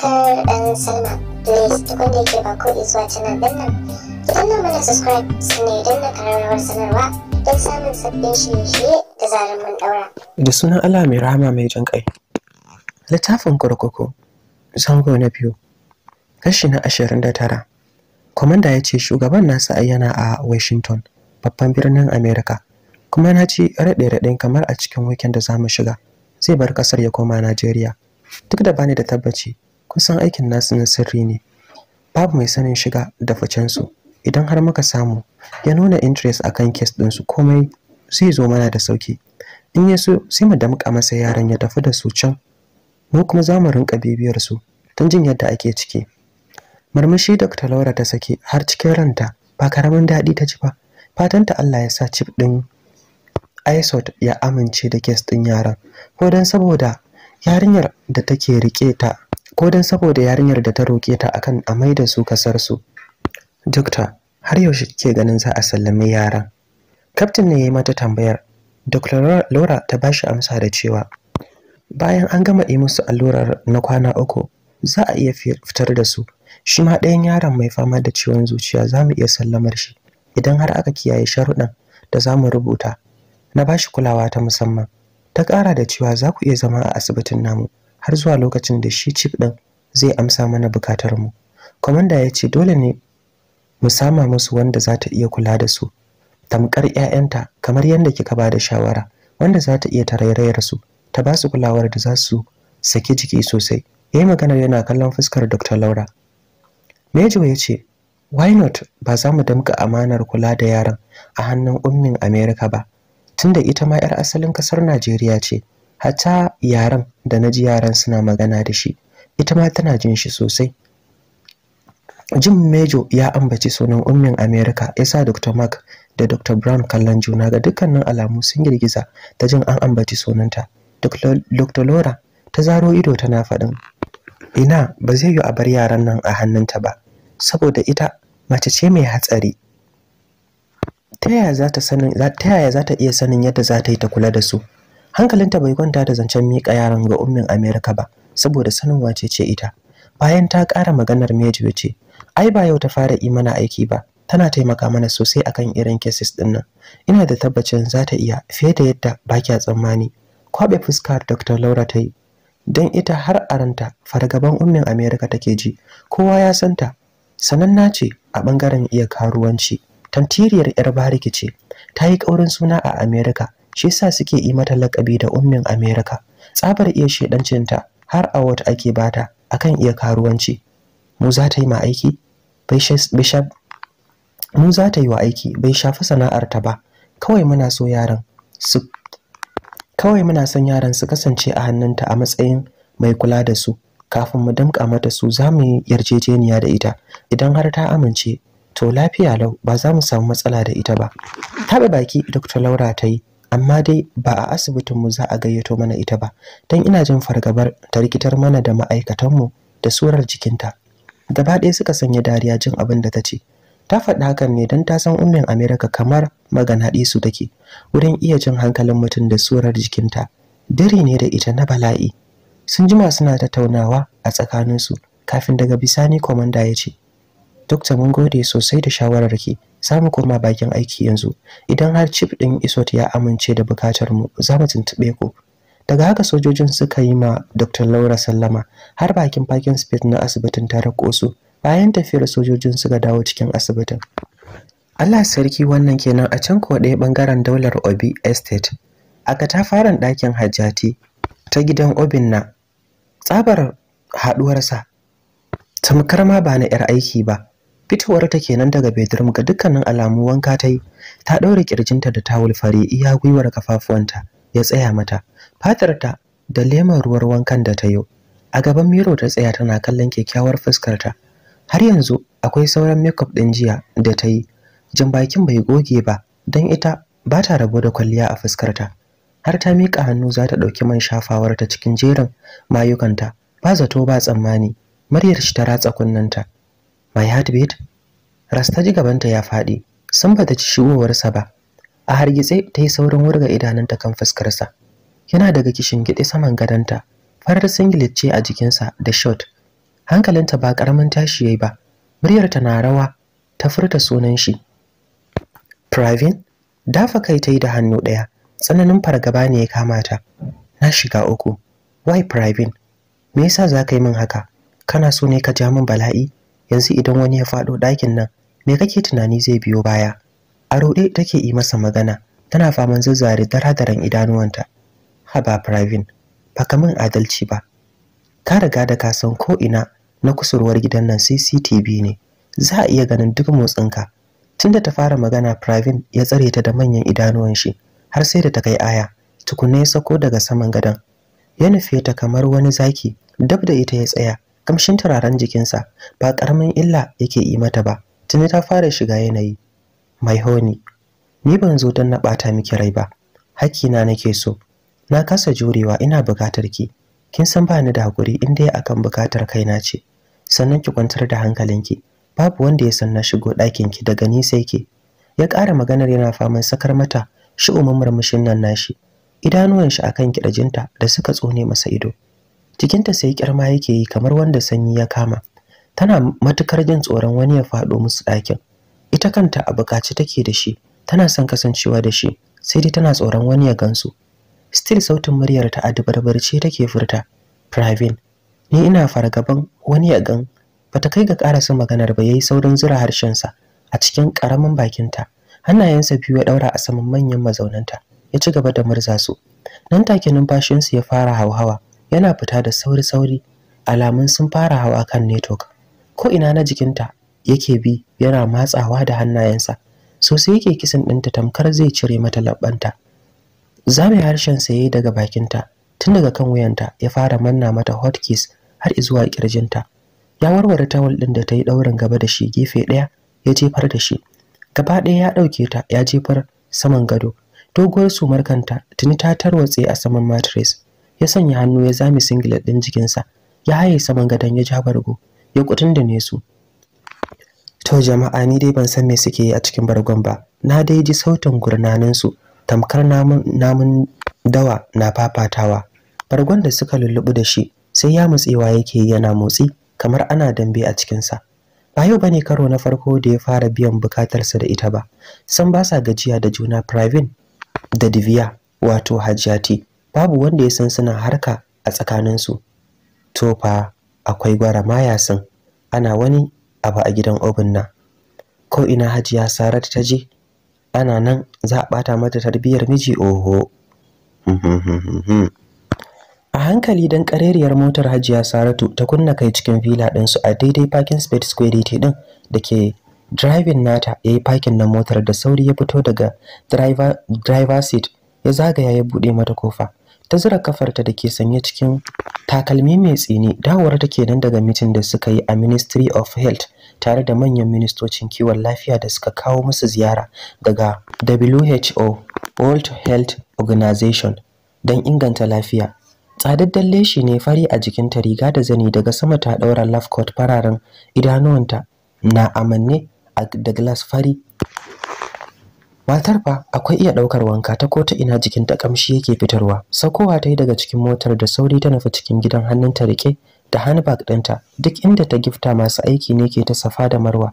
subscribe and sign up. Please da ba ko subscribe kararrawar sanarwa don samun sabbin shirye-shirye da sunan Allah mai mai jan kai. Littafin kurkuku zango na biyu kashi na ashirin da tara. Kwamanda ya ce shugaban nasa yana a Washington babban birnin Amerika kuma na ci raɗe-raɗen kamar a cikin wikin da za mu shiga zai bar ƙasar ya koma Najeriya. duk da bani da tabbaci kusan aikin nasu na sirri ne babu mai sanin shiga da ficen su idan har muka samu ya nuna interest akan kes su komai sai zo mana da sauki in ya so sai mu damƙa masa yaran ya tafi da su can mu kuma za mu rinka bibiyar su tun jin yadda ake ciki murmushi dr laura ta sake har cikin ranta ba karamin daɗi ta ci ba fatanta allah ya sa cif ɗin isot ya amince da kes ɗin yaran ko don saboda yarinyar da take riƙe ta ko dan saboda yarinyar da ta roƙe ta akan a da su kasar su dokta har yaushe kike ganin za a sallame yaran kaftin ne ya yi mata tambayar Dr. Laura ta shi amsa da cewa bayan an gama yi musu allurar na kwana uku za a iya fitar da su shi ma ɗayan yaron mai fama da ciwon zuciya za mu iya sallamar shi idan har aka kiyaye sharuɗan da za mu rubuta na bashi kulawa ta musamman ta ƙara da cewa za ku iya zama a asibitin namu har zuwa lokacin da shi chief ɗin zai amsa mana bukatar mu Kwamanda ya ce dole ne mu sama musu wanda za ta iya kula da su tamkar 'ya'yanta kamar yadda kika ba da shawara wanda za ta iya tarairayar su ta ba su kulawar da za su saki jiki sosai yayi magana yana kallon fuskar Dr. Laura Mejo ya ce why not ba za mu damka amanar kula da yaran a hannun ummin America ba tunda ita ma 'yar asalin kasar Najeriya ce Hata yaran da na ji yaran suna magana da shi ita ma tana jin shi sosai jim mejo ya ambaci sunan ummin america ya sa dr mark da dr brown kallon juna ga dukkanin alamu sun girgiza ta jin an ambaci sunanta dr laura ta zaro ido tana faɗin ina ba zai yi a bar yaran nan a hannunta ba saboda ita mace ce mai hatsari ta yaya za ta iya sanin yadda za ta yi ta kula da su hankalinta bai kwanta da zancen miƙa yaran ga ummin Amerika ba saboda sanin wace ce ita bayan ta ƙara maganar Meji ce ai ba yau ta fara yi mana aiki ba tana taimaka mana sosai akan irin cases din nan ina da tabbacin za ta iya fiye da yadda ba kya tsammani kwabe fuska Dr. Laura ta yi don ita har aranta fargaban ummin Amerika take ji kowa ya santa sananna ce a bangaren iya karuwanci tantiriyar yar bariki ce ta yi kaurin suna a Amerika shi yasa suke yi mata lakabi da ummin America tsabar iya shedancinta har a wata ake bata akan iya karuwanci mu za ta yi ma aiki bai mu za ta yi wa aiki bai shafi sana'ar ta ba kawai muna so yaran su kawai muna son yaran su kasance a hannunta a matsayin mai kula da su kafin mu damƙa mata su za mu yi yarjejeniya da ita idan har ta amince to lafiya lau ba za mu samu matsala da ita ba taɓa baki dr laura ta yi amma dai ba a asibitinmu za a gayyato mana ita ba don ina jin fargabar ta rikitar mana da ma'aikatanmu da surar jikinta gaba ɗaya suka sanya dariya jin abin da ta ce ta faɗi hakan ne don ta san ummin amerika kamar maganaɗi su take wurin iya jin hankalin mutum da surar jikinta dare ne da ita na bala'i sun jima suna tattaunawa a tsakaninsu kafin daga bisani komanda ya ce dokta mun gode sosai da shawararki za mu koma bakin aiki yanzu idan har chief din isot ya amince da bukatar mu za mu tuntube ku daga haka sojojin suka yi ma dr laura sallama har bakin parking space na asibitin tare kosu bayan tafiyar sojojin suka dawo cikin asibitin allah sarki wannan kenan a can ko ɗaya bangaren daular obi estate a katafaren ɗakin hajjati ta gidan obin na tsabar haɗuwarsa tamkar ma ba na 'yar aiki ba fitowar ta kenan daga bedroom ga dukkanin alamu wanka ta yi ta ɗaure kirjinta da tawul fare iya gwiwar kafafuwanta ya tsaya mata fatar ta da lemon ruwar wankan da ta yi a gaban miro ta tsaya tana kallon kyakkyawar fuskar ta har yanzu akwai sauran makeup ɗin jiya da ta yi jin bakin bai goge ba don ita ba ta rabu da kwalliya a fuskar ta har ta miƙa hannu za ta ɗauki man shafawar ta cikin jerin mayukanta ba zato ba tsammani muryar shi ta ratsa kunnanta my heartbeat rasta ji gabanta ya faɗi sun bata ci shigowarsa ba a hargitse ta yi saurin wurga idanunta kan fuskarsa yana daga kishin gide saman gadonta farar singlet ce a jikinsa da shot hankalinta ba ƙaramin tashi yayi ba muryarta na rawa ta furta sunan shi Pravin dafa kai ta yi da hannu ɗaya tsananin fargaba ne ya kama ta na shiga uku why Pravin me yasa za ka yi min haka kana so ne ka ja min bala'i yanzu idan wani ya faɗo ɗakin nan me kake tunani zai biyo baya a ruɗe take yi masa magana tana faman zazzare daradaran idanuwanta haba pravin ba min adalci ba ka riga da kasan ko ina na kusurwar gidan nan CCTV ne za a iya ganin duk motsinka tunda ta fara magana pravin ya tsare ta da manyan idanuwan shi har sai da ta kai aya tukunna ya sako daga saman gadon ya nufe ta kamar wani zaki dab da ita ya tsaya kamshin turaren jikinsa ba ƙaramin illa yake yi mata ba tuni ta fara shiga yanayi mai honi ni ban zo don na ɓata miki rai ba na nake so na kasa jurewa ina buƙatar ki kin san ba ni da hakuri in dai akan buƙatar na ce sannan ki kwantar da hankalinki babu wanda ya san na shigo ɗakin ki daga ni sai ke ya ƙara maganar yana faman sakar mata shi umar murmushin nan nashi idanuwan shi akan kiɗajinta da suka tsone masa ido jikinta sai kirma yake yi kamar wanda sanyi ya kama tana matukar jin tsoron wani ya faɗo musu ɗakin ita kanta a bukaci take da shi tana son kasancewa da shi sai dai tana tsoron wani ya gansu still sautin muryar ta a dubarbarce take furta Pravin ni ina fargaban wani ya gan bata kai ga karasa maganar ba yayi saurin zura harshensa a cikin karamin bakinta hannayensa biyu ya daura a saman manyan mazaunanta ya ci gaba da murza su nan take numfashinsu ya fara hauhawa yana fita da sauri-sauri alamun sun fara hawa kan network ko ina na jikinta yake bi yana matsawa da hannayensa sosai yake kisan ɗinta tamkar zai cire mata labbanta zame harshen saye daga bakinta tun daga kan wuyanta ya fara manna mata hot kiss har zuwa kirjinta ya warware tawul din da ta yi ɗaurin gaba da shi gefe ɗaya ya jefar da shi gaba ɗaya ya ɗauke ta ya jefar saman gado doguwar sumar kanta tuni ta tarwatse a saman mattress ya sanya hannu ya zame singlet ɗin jikinsa ya haye saman gadon ya ja bargo ya kutun da ne su to jama'a ni dai ban san me suke yi a cikin bargon ba na dai ji sautin gurnanin su tamkar namun dawa na fafatawa bargon da suka lullubu da shi sai ya mutsewa yake yana motsi kamar ana dambe a cikinsa ba yau bane karo na farko da ya fara biyan bukatarsa da ita ba san ba sa gajiya da juna private da Divya wato Hajjati babu wanda ya san suna harka a tsakaninsu to fa akwai gwara maya san ana wani abu a gidan obin na. ko ina hajiya sarat ta je ana nan za a bata mata tarbiyyar miji oho a hankali dan kareriyar motar hajiya saratu ta kunna kai cikin villa ɗinsu a daidai parking space square ɗin da ke driving nata ya yi parking na motar da sauri ya fito daga driver, driver seat ya zagaya ya buɗe mata kofa ta zura kafarta da ke sanye cikin takalmi mai tsini dawowar ke nan daga mitin da suka yi a Ministry of Health tare da manyan ministocin kiwon lafiya da suka kawo musu ziyara daga WHO World Health Organization don inganta lafiya. Tsadaddan leshi ne fari a jikinta riga da zani daga sama ta ɗaura lafcot fararen idanuwanta na amanne da glass fari matar fa akwai iya ɗaukar wanka ta ko ta ina jikin ta kamshi yake fitarwa saukowa ta yi daga cikin motar da sauri ta nufi cikin gidan hannun ta rike da handbag ɗinta duk inda ta gifta masu aiki ne ke ta safa da marwa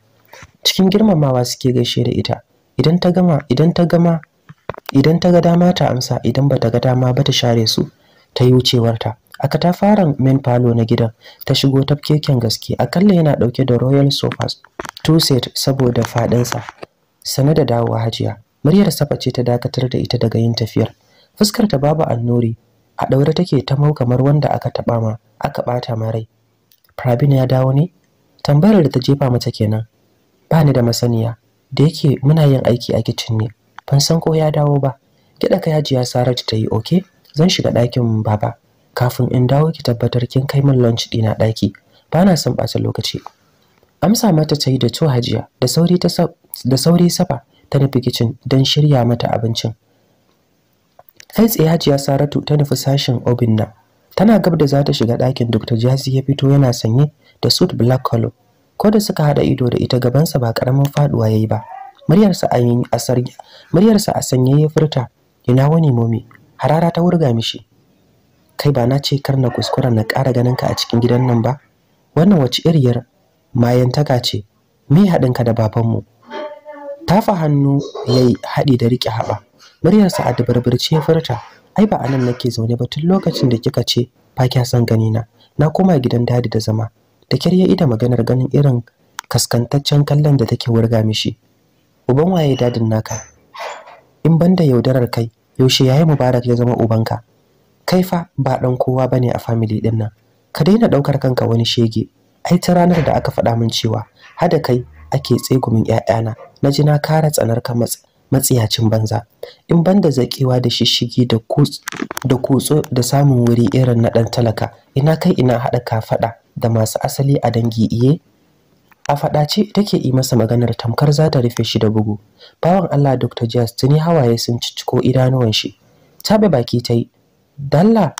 cikin girmamawa suke gaishe da ita idan ta gama idan ta gama idan ta ga dama ta amsa idan ba ta ga dama ba ta share su ta yi ta aka ta fara main palo na gidan ta shigo tafkeken gaske akalla yana ɗauke da royal sofas two set saboda faɗinsa sane da dawowa hajiya muryar safa ce ta dakatar da ita daga yin tafiyar fuskar ta babu annori a daure take ta mau kamar wanda aka taba ma aka bata ma rai Pravin ya dawo ne tambayar da ta jefa mata kenan ba ni da masaniya da yake muna yin aiki a kicin ne ban san ko ya dawo ba kiɗa ka yaji ya Saratu ta yi oke zan shiga ɗakin baba kafin in dawo ki tabbatar kin kai min lunch ɗina ɗaki ba na son ɓata lokaci amsa mata ta yi da to hajiya da sauri ta da sauri safa ta nufi kicin don shirya mata abincin kai tsaye hajiya saratu ta nufi sashen Obinna. tana gab da za ta shiga ɗakin dr jazi ya fito yana sanye da suit black color ko da suka haɗa ido da ita gabansa ba ƙaramin faɗuwa ya yi ba muryarsa a sanye ya furta ina wani momi harara ta wurga mishi kai ba na ce kar na kuskura na ƙara ganin ka a cikin gidan nan ba wannan wace iriyar mayantaka ce me haɗinka da babanmu tafa hannu ya yi haɗi da riƙe haɓa muryarsa a dabarbarci ya furta ai ba anan nake zaune ba tun lokacin da kika ce ba kya son gani na na koma gidan dadi da zama da kyar ya ida maganar ganin irin kaskantaccen kallon da take wurga mishi uban waye dadin naka in ban da yaudarar kai yaushe yayi mubarak ya zama ubanka kai fa ba dan kowa bane a family din nan ka daina daukar kanka wani shege ai ta ranar da aka faɗa min cewa hada kai ake tsegumin 'ya'yana. na ji na kara tsanar ka matsiyacin banza in ban da zaƙewa da shishigi da da kutso da samun wuri irin na ɗan talaka ina kai ina hada kafaɗa da masu asali a dangi iye a faɗace take yi masa maganar tamkar za ta rufe shi da bugu bawan Allah Dr. Jazz tuni hawaye sun cicciko idanuwan shi tabe baki ta yi dalla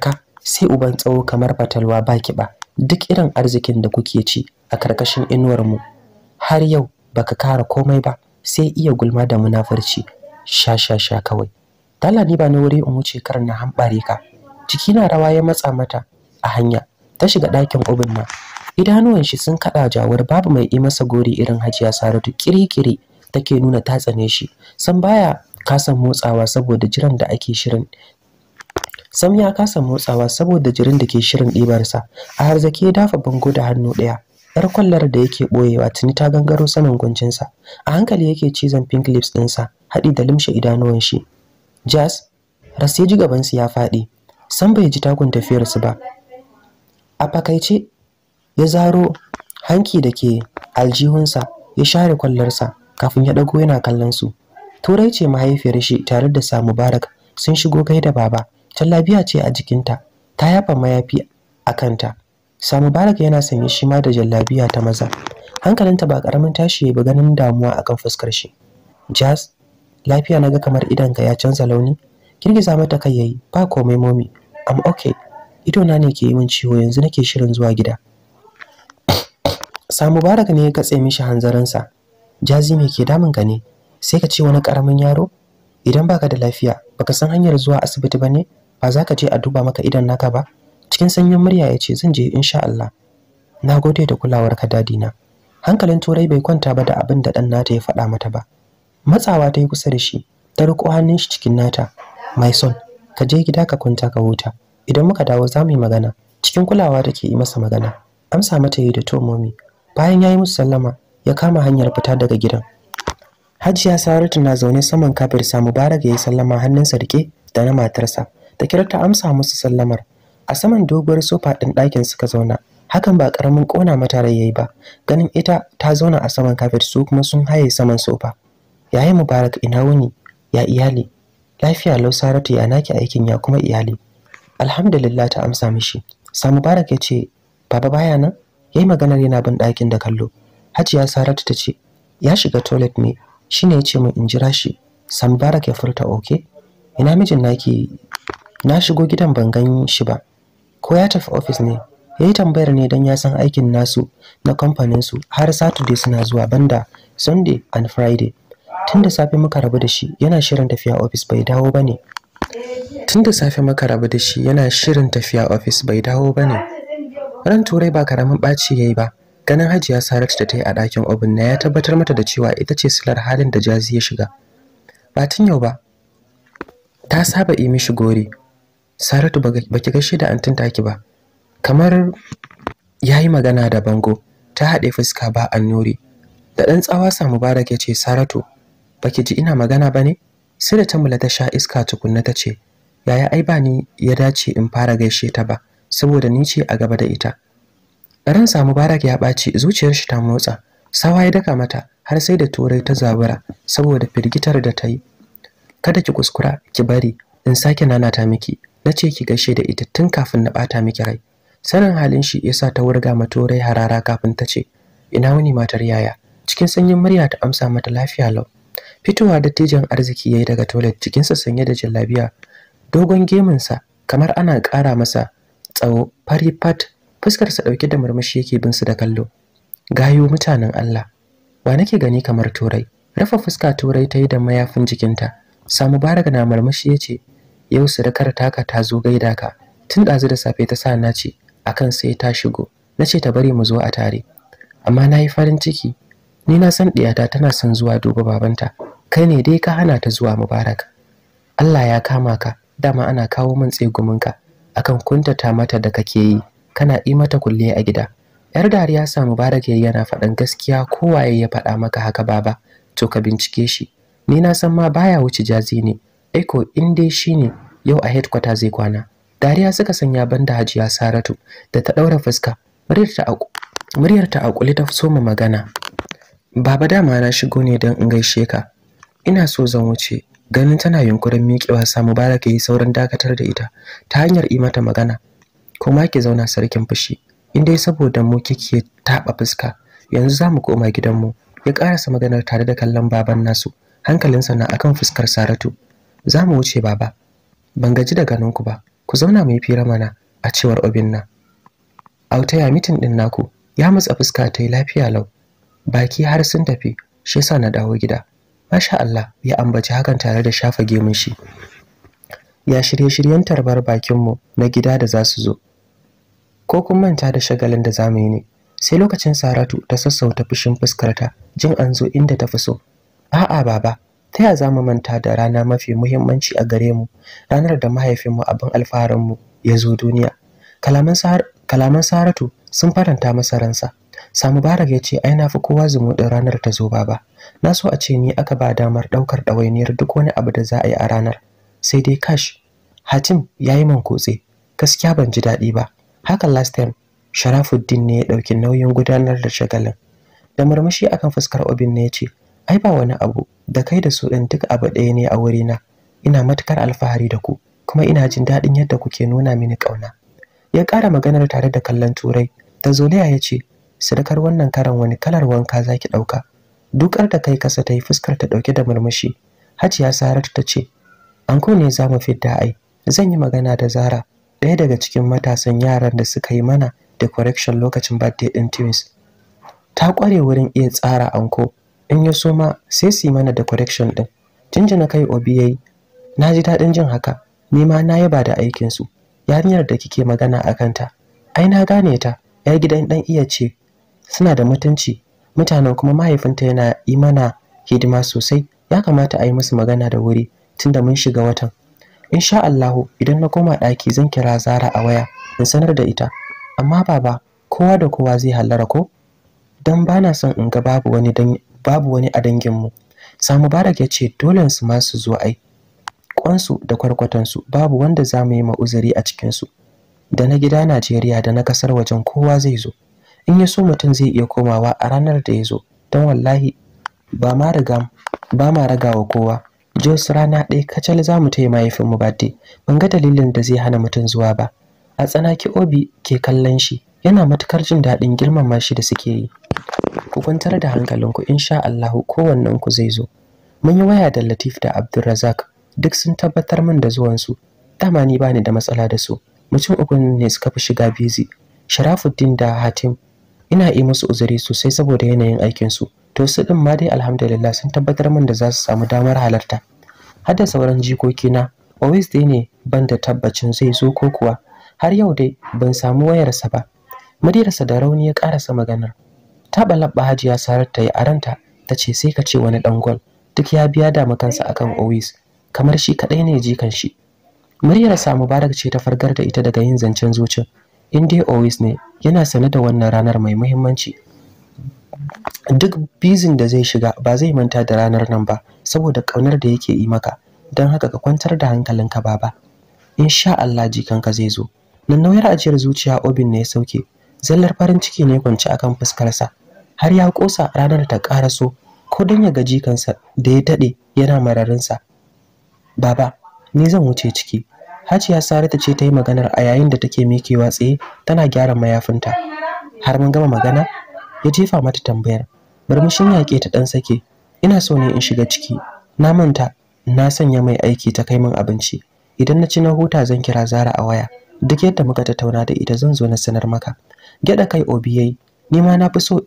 ka, sai uban tsawo kamar batalwa baki ba duk irin arzikin da kuke ci a karkashin inuwar mu har yau baka kara komai ba sai iya gulma da munafurci sha sha sha kawai Talani ni ba ni wuri in wuce karin na hambare ka ciki na rawa ya matsa mata a hanya ta shiga ɗakin ubin ma idanuwan shi sun kada jawar babu mai yi masa gori irin hajiya saratu kirikiri take nuna ta tsane shi san baya kasan motsawa saboda jiran da ake shirin sam ya kasa motsawa saboda jirin da ke shirin ɗibarsa a harzake ya dafa bango da hannu ɗaya Yar kwallar da yake boyewa tuni ta gangaro saman gwancinsa A hankali yake cizon pink lips ɗinsa, haɗi da limshe idanuwan shi. Jazz, gaban gabansu ya faɗi, san bai ji takun tafiyarsu ba. A fakaice, ya zaro hanki da ke aljihunsa ya share kwallarsa kafin ya ɗago yana kallon su. Turai ce mahaifiyar shi tare da sa Mubarak sun shigo gaida baba. tallabiya ce a jikinta, ta yafa mayafi a kanta. sa mubarak yana sanye shi ma da jallabiya ta maza hankalinta ba karamin tashi ba ganin damuwa akan fuskar shi jazz lafiya naga kamar idanka ya canza launi girgiza mata kai yayi ba komai momi am okay ido na ne ke yi min ciwo yanzu nake shirin zuwa gida sa mubarak ne ya katse mishi hanzarinsa jazi me ke damun ka ne sai ka ce wani karamin yaro idan baka da lafiya baka san hanyar zuwa asibiti bane ba za ka je a duba maka idan naka ba cikin sanyin murya ya ce zan je insha Allah na gode da kulawar ka dadi na. hankalin turai bai kwanta ba da abin da dan nata ya faɗa mata ba matsawa ta yi kusa da shi ta riko hannun shi cikin nata my son ka je gida ka kwanta ka huta idan muka dawo za mu yi magana cikin kulawa take yi masa magana amsa mata yi da tomomi bayan ya yi musu sallama ya kama hanyar fita daga gidan hajiya saratu na zaune saman kafirsa mubarak ya yi sallama hannunsa rike da na matarsa ta da ta amsa musu sallamar a saman doguwar sofa ɗin ɗakin suka zauna hakan ba ƙaramin ƙona mata rai yayi ba ganin ita ta zauna a saman kafet su kuma sun haye saman sofa yayi mubarak ina wuni ya iyali lafiya lau saratu ya naki aikin ya kuma iyali alhamdulillah ta amsa mishi sa mubarak ya ce baba baya nan yayi maganar yana bin ɗakin da kallo hajiya saratu ta ce ya shiga toilet ne shine ya ce min in jira shi sa mubarak ya furta oke ina mijin naki na shigo gidan ban gan shi ba ko ya tafi ofis ne ya yi tambayar ne don ya san aikin nasu na kamfaninsu har saturday suna zuwa banda sunday and friday tun da safe muka rabu da shi yana shirin tafiya ofis bai dawo ba ne tun da safe muka rabu da shi yana shirin tafiya ofis bai dawo ba ne ran turai ba karamin ɓaci ya yi ba ganin hajiya saratu da ta yi a ɗakin obin na ya tabbatar mata da cewa ita ce silar halin da jazi ya shiga ba tun yau ba ta saba yi mishi gori Saratu ba ki gaishe da antin taki ba. Kamar yayi magana da bango, ta haɗe fuska ba annuri. Da ɗan tsawa sa Mubarak ya ce Saratu, ba ki ji ina magana ba ne? Sai da Tamula ta sha iska tukunna ta ce, yaya ai ba ni ya dace in fara gaishe ta ba, saboda ni ce a gaba da ita. Ran sa Mubarak ya ɓaci, zuciyar shi ta motsa. Sawa ya daka mata har sai da turai ta zabura saboda firgitar da ta yi. Kada ki kuskura, ki bari, in sake nanata miki. na ce ki gaishe da ita tun kafin na bata miki rai sanin halin shi yasa ta wurga maturai harara kafin ta ce ina wani matar yaya cikin sanyin murya ta amsa mata lafiya lau fitowa dattijan arziki yayi daga toilet cikinsa sanye da jallabiya dogon gemunsa kamar ana ƙara masa tsawo fari fat fuskarsa ɗauke da murmushi yake bin su da kallo gayo mutanen Allah wa nake gani kamar turai rafa fuska turai ta yi da mayafin jikinta samu baraka na murmushi yace yau surukar taka ta zo gaida ka tun ɗazu da safe ta sa na ce akan sai ta shigo na ce ta bari mu zo a tare amma na yi farin ciki ni na san ɗiyata tana son zuwa duba babanta kai ne dai ka hana ta zuwa mubarak Allah ya kama ka dama ana kawo min tseguminka akan kuntata mata da kake yi kana yi mata kulle a gida yar dariya sa mubarak yayi yana faɗan gaskiya kowaye ya faɗa maka haka baba to ka bincike shi ni na san ma baya wuce jazi ne Eko in dai shi ne. yau a headquarter zai kwana dariya suka sanya banda hajiya saratu da ta ɗaura fuska muryar ta a kuli ta soma magana baba dama na shigo ne don in gaishe ka ina so zan wuce ganin tana yunkurin miƙewa sa mubarak yi sauran dakatar da ita ta hanyar yi mata magana kuma ki zauna sarkin fushi in dai saboda mu kike taɓa fuska yanzu za mu koma gidanmu ya ƙarasa maganar tare da kallon baban nasu hankalinsa na akan fuskar saratu za mu wuce baba ban gaji da ganin ku ba ku zauna mu yi fira mana a cewar obinna autaya mitin din naku ya matsa fuska ta lafiya lau baki har sun tafi shi yasa na dawo gida masha Allah ya ambaci hakan tare da shafa gemun shi ya shirye shiryen tarbar bakinmu na gida da za su zo ko kun manta da shagalin da zamu yi ne sai lokacin saratu ta sassauta fushin fuskarta jin an zo inda ta fi so a'a baba ta ya za mu manta da rana mafi muhimmanci a gare mu ranar da mahaifinmu abin alfaharinmu ya zo duniya kalaman saratu sun faranta masa ransa samu barak ya ce ai na fi kowa zumuɗin ranar ta zo baba na so a ce ni aka ba damar ɗaukar ɗawainiyar duk wani abu da za a yi a ranar sai dai kash hatim ya yi man kotse gaskiya ban ji daɗi ba haka last time sharafuddin ne ya ɗauki nauyin gudanar da shagalin da murmushi akan fuskar obin ne ya ce ai ba wani abu da kai da su ɗin duk abu ɗaya ne a wurina ina matukar alfahari da ku kuma ina jin daɗin yadda kuke nuna mini ƙauna ya ƙara maganar tare da kallon turai da zoliya ya ce sadakar wannan karan wani kalar wanka za ki ɗauka dukar da kai kasa ta yi fuskar ta ɗauke da murmushi hajiya saratu ta ce anko ne za mu fidda ai zan yi magana da zara ɗaya daga cikin matasan yaran da suka yi mana da decoration lokacin birthday ɗin twins ta ƙware wurin iya tsara anko in ya so ma sai su yi mana da correction din na kai obi yayi na ji daɗin jin haka ni ma na yaba da aikin su yarinyar da kike magana a kanta ai na gane ta yar gidan ɗan iya ce suna da mutunci mutanen kuma mahaifinta yana yi mana hidima sosai ya kamata a yi musu magana da wuri tunda mun shiga watan insha Allahu idan na koma ɗaki zan kira Zara a waya in sanar da ita amma baba kowa da kowa zai hallara ko dan bana son in ga babu wani babu wani a danginmu sa mubarak ya ce dole su ma su zo ai kwansu da kwarkwatansu babu wanda za mu yi ma uzuri a cikinsu da na gida najeriya da na kasar wajen kowa zai zo in ya so mutum zai iya komawa a ranar da ya zo don wallahi ba ma riga ba ma ragawa kowa jos rana ɗaya kacal za mu taya mahaifinmu birthday ban ga dalilin da zai hana mutum zuwa ba a tsanaki obi ke kallon shi yana matukar jin daɗin girmama shi da suke yi ku kwantar da hankalinku insha Allahu kowannen ku zai zo mun yi waya da Latif da Abdulrazak duk sun tabbatar min da zuwan su dama ni bani da matsala da su mutum uku ne suka fi shiga busy Sharafuddin da Hatim ina yi musu uzuri sosai saboda yanayin aikin su to su din ma dai alhamdulillah sun tabbatar min da za su samu damar halarta har da sauran na always dai ne ban da tabbacin zai zo ko kuwa har yau dai ban samu wayarsa ba muryarsa da rauni ya karasa maganar taɓa labba hajiya sarar ta yi a ranta ta ce sai ka ce wani gwal, duk ya biya da kansa akan owis kamar shi kaɗai ne jikan shi muryar sa mubarak ce ta fargar da ita daga yin zancen zucin in dai always ne yana sane da wannan ranar mai muhimmanci duk bizin da zai shiga ba zai manta da ranar nan ba saboda kaunar da yake yi maka dan haka ka kwantar da hankalinka baba insha Allah jikanka zai zo nan nauyar ajiyar zuciya obin ne ya sauke zallar farin ciki ne kwance akan fuskarsa har ya kosa ranar ta ƙaraso ko don ya gaji kansa da ya daɗe yana mararinsa baba ni zan wuce ciki hajiya saratu ce ta yi maganar a yayin da take mikewa tsaye tana gyara mayafinta har mun gama magana ya jefa mata tambayar murmushin yaƙe ta ɗan sake ina so ne in shiga ciki na manta na sanya mai aiki ta kai min abinci idan na ci na huta zan kira zara a waya duk yadda muka tattauna da ita zan zo na sanar maka Gyaɗa kai obi yi. ni ma na fi so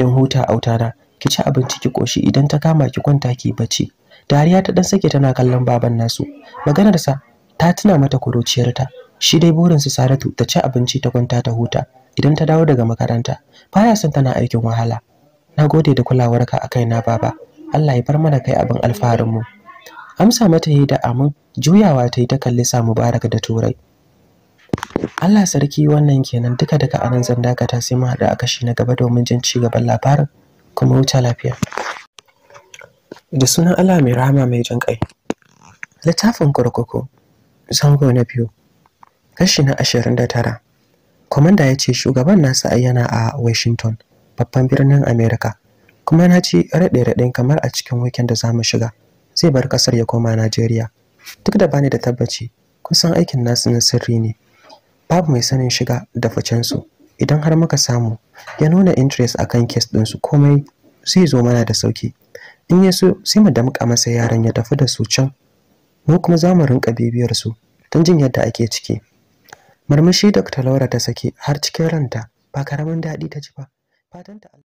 Yan huta a na, ki ci abinci ki koshi idan ta kama ki kwanta ki bacci dariya ta dan sake tana kallon baban nasu maganar sa ta tuna mata ta shi dai burin su saratu ta ci abinci ta kwanta ta huta idan ta dawo daga makaranta baya son tana aikin wahala na gode da kulawarka a na baba Allah ya bar mana kai abin alfaharinmu amsa mata yi da amin juyawa ta yi ta kalli sa mubarak da turai Allah sarki wannan kenan duka daga anan zan dakata sai mu haɗu a kashi na gaba domin jin ci gaban labarin kuma wuta lafiya da sunan Allah mai rahama mai jin kai littafin kurkuku zango na biyu kashi na ashirin da tara kwamanda ya ce shugaban nasa yana a washington babban birnin america kuma na ci raɗe-raɗen kamar a cikin wikin da za mu shiga zai bar ƙasar ya koma najeriya duk da bani da tabbaci kusan aikin nasu na sirri ne babu mai sanin shiga da ficen su idan har muka samu ya nuna interest akan kes ɗinsu komai zai zo mana da sauki in ya so sai mu damƙa masa yaran ya tafi da su can mu kuma za mu rinƙa bibiyar su don jin yadda ake ciki murmushi dr laura ta sake har cikin ranta ba karamin daɗi ta ci ba fatanta